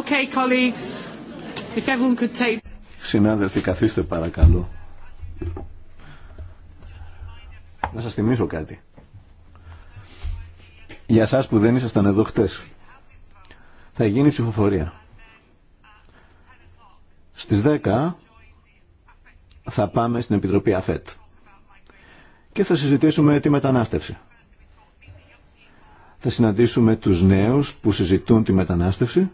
Okay, colleagues. If could take... Συνάδελφοι, καθίστε παρακαλώ. Να σας θυμίσω κάτι. Για σας που δεν ήσασταν εδώ χτες, θα γίνει ψηφοφορία. Στις 10 θα πάμε στην Επιτροπή ΑΦΕΤ και θα συζητήσουμε τη μετανάστευση θα συναντήσουμε τους νέους που συζητούν τη μετανάστευση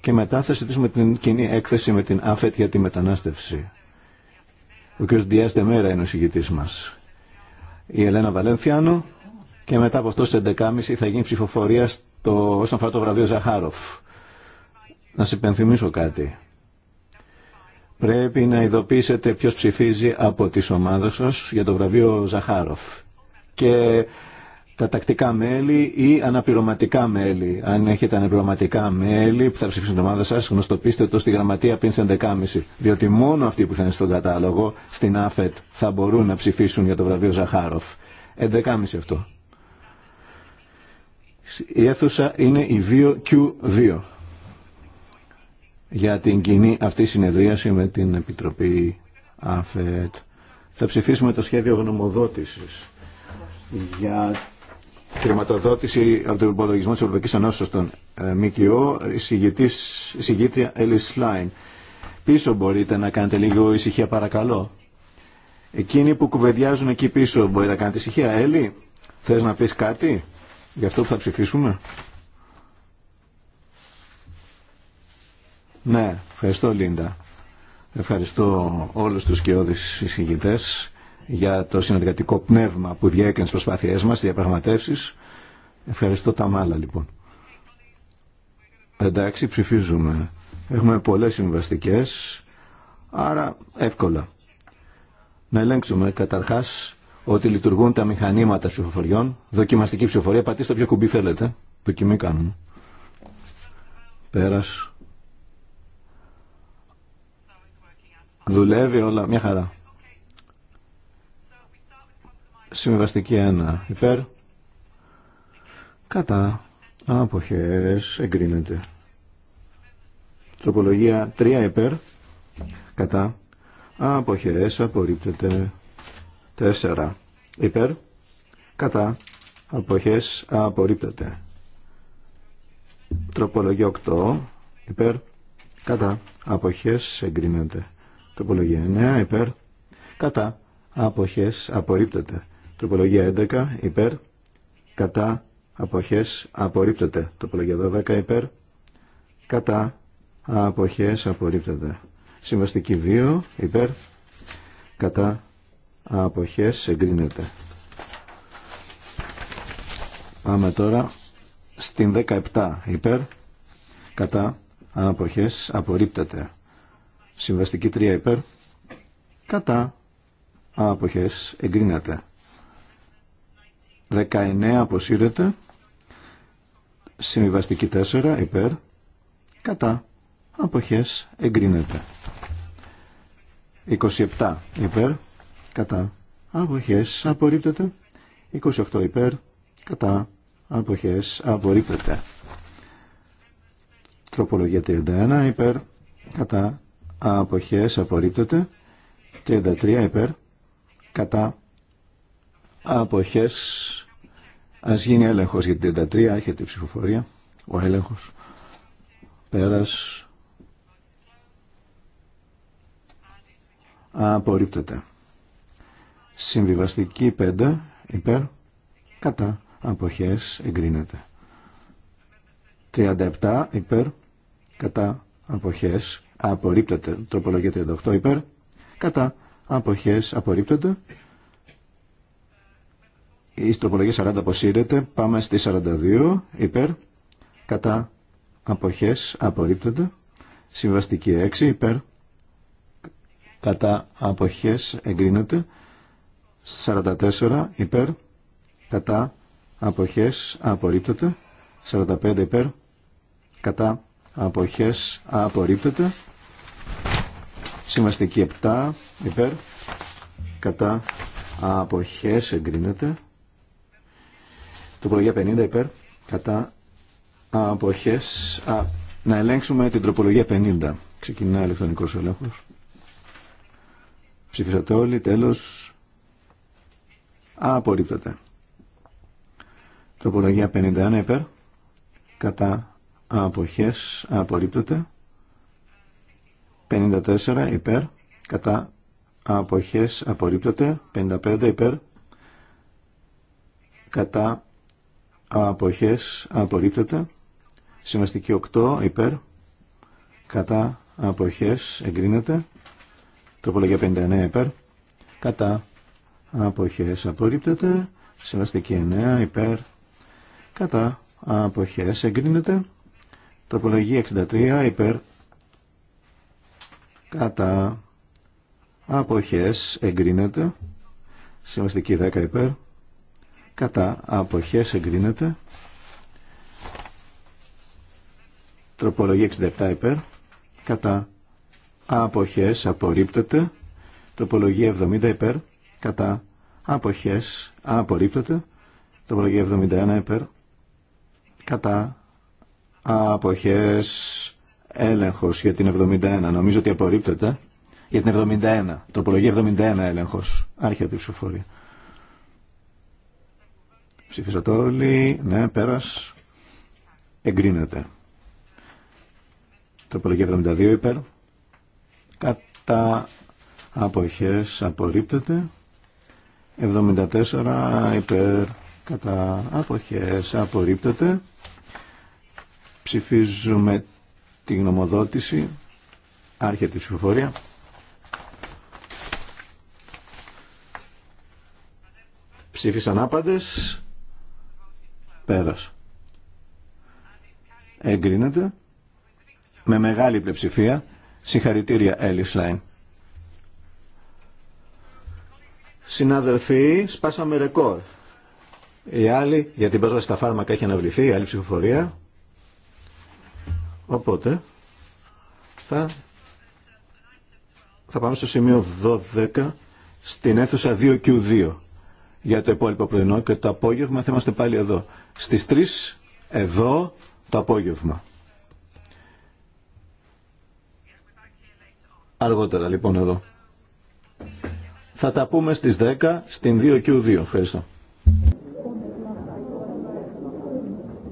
και μετά θα συζητήσουμε την κοινή έκθεση με την ΑΦΕΤ για τη μετανάστευση. Ο κ. Διάς Δεμέρα είναι ο συγγητής μας. Η Ελένα Βαλένθιάνο και μετά από αυτό στις 11.30 θα γίνει ψηφοφορία στο, όσον αφορά το βραβείο Ζαχάροφ. Να σας υπενθυμίσω κάτι. Πρέπει να ειδοποιήσετε ποιος ψηφίζει από τις ομάδες σας για το βραβείο Ζαχάροφ. Και τα τακτικά μέλη ή αναπληρωματικά μέλη. Αν έχετε αναπληρωματικά μέλη που θα ψηφίσουν την ομάδα σα, γνωστοποιήστε το στη γραμματεία πριν στι 11.30. Διότι μόνο αυτοί που θα είναι στον κατάλογο, στην ΑΦΕΤ, θα μπορούν να ψηφίσουν για το βραβείο Ζαχάροφ. 11.30 αυτό. Η αίθουσα είναι η 2Q2 για την κοινή αυτή συνεδρίαση με την Επιτροπή ΑΦΕΤ. Θα ψηφίσουμε το σχέδιο γνωμοδότησης για χρηματοδότηση από τον υπολογισμό τη Ευρωπαϊκή Ενώση των ε, ΜΚΟ, συγγήτρια Έλλη Λάιν. Πίσω μπορείτε να κάνετε λίγο ησυχία παρακαλώ. Εκείνοι που κουβεντιάζουν εκεί πίσω μπορείτε να κάνετε ησυχία. Έλλη, Θε να πει κάτι για αυτό που θα ψηφίσουμε. Ναι, ευχαριστώ Λίντα. Ευχαριστώ όλους τους τις εισηγητές για το συνεργατικό πνεύμα που διέκρινε στις προσπάθειές μας, διαπραγματεύσεις. Ευχαριστώ τα μάλα λοιπόν. Εντάξει, ψηφίζουμε. Έχουμε πολλές συμβαστικέ, άρα εύκολα. Να ελέγξουμε καταρχάς ότι λειτουργούν τα μηχανήματα ψηφοφοριών, δοκιμαστική ψηφοφορία, πατήστε όποιο κουμπί θέλετε, δοκιμή κάνουμε. Πέρας. Δουλεύει όλα, μια χαρά. Συμβαστική 1 υπέρ. Κατά αποχές εγκρίνεται. Τροπολογία 3 υπέρ. Κατά αποχές απορρίπτεται. 4 υπέρ. Κατά αποχές απορρίπτεται. Τροπολογία 8 υπέρ. Κατά αποχές εγκρίνεται. Τροπολογία 9 υπέρ. Κατά αποχές απορρίπτεται. Τροπολογία 11 υπέρ κατά αποχές απορρίπτεται. Τροπολογία 12 υπέρ κατά αποχές απορρίπτεται. Συμβαστική 2 υπέρ κατά αποχές εγκρίνεται. Πάμε τώρα στην 17 υπέρ κατά αποχές απορρίπτεται. Συμβαστική 3 υπέρ κατά αποχές εγκρίνεται. 19 αποσύρεται. Συμβιβαστική 4 υπέρ. Κατά. Αποχές εγκρίνεται. 27 υπέρ. Κατά. Αποχές απορρίπτεται. 28 υπέρ. Κατά. Αποχές απορρίπτεται. Τροπολογία 31 υπέρ. Κατά. Αποχές απορρίπτεται. 33 υπέρ. Κατά. Αποχές. Ας γίνει έλεγχος για την 33. η ψηφοφορία. Ο έλεγχος. Πέρας. Απορρίπτεται. Συμβιβαστική 5. Υπέρ. Κατά. Αποχές. Εγκρίνεται. 37 υπέρ κατά αποχές απορρίπτεται τροπολογία 38 υπέρ κατά αποχές απορρίπτεται η τροπολογία 40 αποσύρεται. Πάμε στη 42. Υπέρ. Κατά. Αποχές. απορρίπτονται, Συμβαστική 6. Υπέρ. Κατά. Αποχές. Εγκρίνεται. 44. Υπέρ. Κατά. απόχέ, απορρίπτονται, 45. Υπέρ. Κατά. Αποχές. απορρίπτονται, Συμβαστική 7. Υπέρ. Κατά. απόχέ, Εγκρίνεται. Τροπολογία 50 υπέρ κατά αποχές. να ελέγξουμε την τροπολογία 50. Ξεκινά ηλεκτρονικός ελέγχος. Ψηφίσατε όλοι, τέλος. Α, Τροπολογία 51 υπέρ. Κατά αποχές Απορρίπτοτε. 54 υπέρ. Κατά αποχές Απορρίπτοτε. 55 υπέρ. Κατά αποχές απορρίπτεται. σημαστική 8 υπέρ κατά αποχές εγκρίνεται. Τροπολογία 59 υπέρ κατά αποχές απορρίπτεται. σημαστική 9 υπέρ κατά αποχές εγκρίνεται. Τροπολογία 63 υπέρ κατά αποχές εγκρίνεται. Συμβαστική 10 υπέρ κατά αποχές εγκρίνεται τροπολογία 67 υπέρ κατά αποχές απορρίπτεται τροπολογία 70 υπέρ κατά αποχές απορρίπτεται τροπολογία 71 υπέρ κατά αποχές έλεγχος για την 71 νομίζω ότι απορρίπτεται για την 71 τροπολογία 71 έλεγχος άρχεται η ψηφοφορία Ψηφίσατε όλοι. Ναι, πέρας. Εγκρίνεται. Τροπολογία 72 υπέρ. Κατά αποχές απορρίπτεται. 74 υπέρ. Κατά αποχές απορρίπτεται. Ψηφίζουμε τη γνωμοδότηση. Άρχεται η ψηφοφορία. Ψήφισαν άπαντες. Πέρας. Εγκρίνεται με μεγάλη πλειοψηφία. Συγχαρητήρια, Έλλη Σλάιν. Συνάδελφοι, σπάσαμε ρεκόρ. Η άλλη για την πρόσβαση στα φάρμακα έχει αναβληθεί, η άλλη ψηφοφορία. Οπότε θα, θα πάμε στο σημείο 12 στην αίθουσα 2Q2 για το υπόλοιπο πρωινό και το απόγευμα θα είμαστε πάλι εδώ. Στις 3 εδώ το απόγευμα. Αργότερα λοιπόν εδώ. Θα τα πούμε στις 10 στην 2Q2. Ευχαριστώ.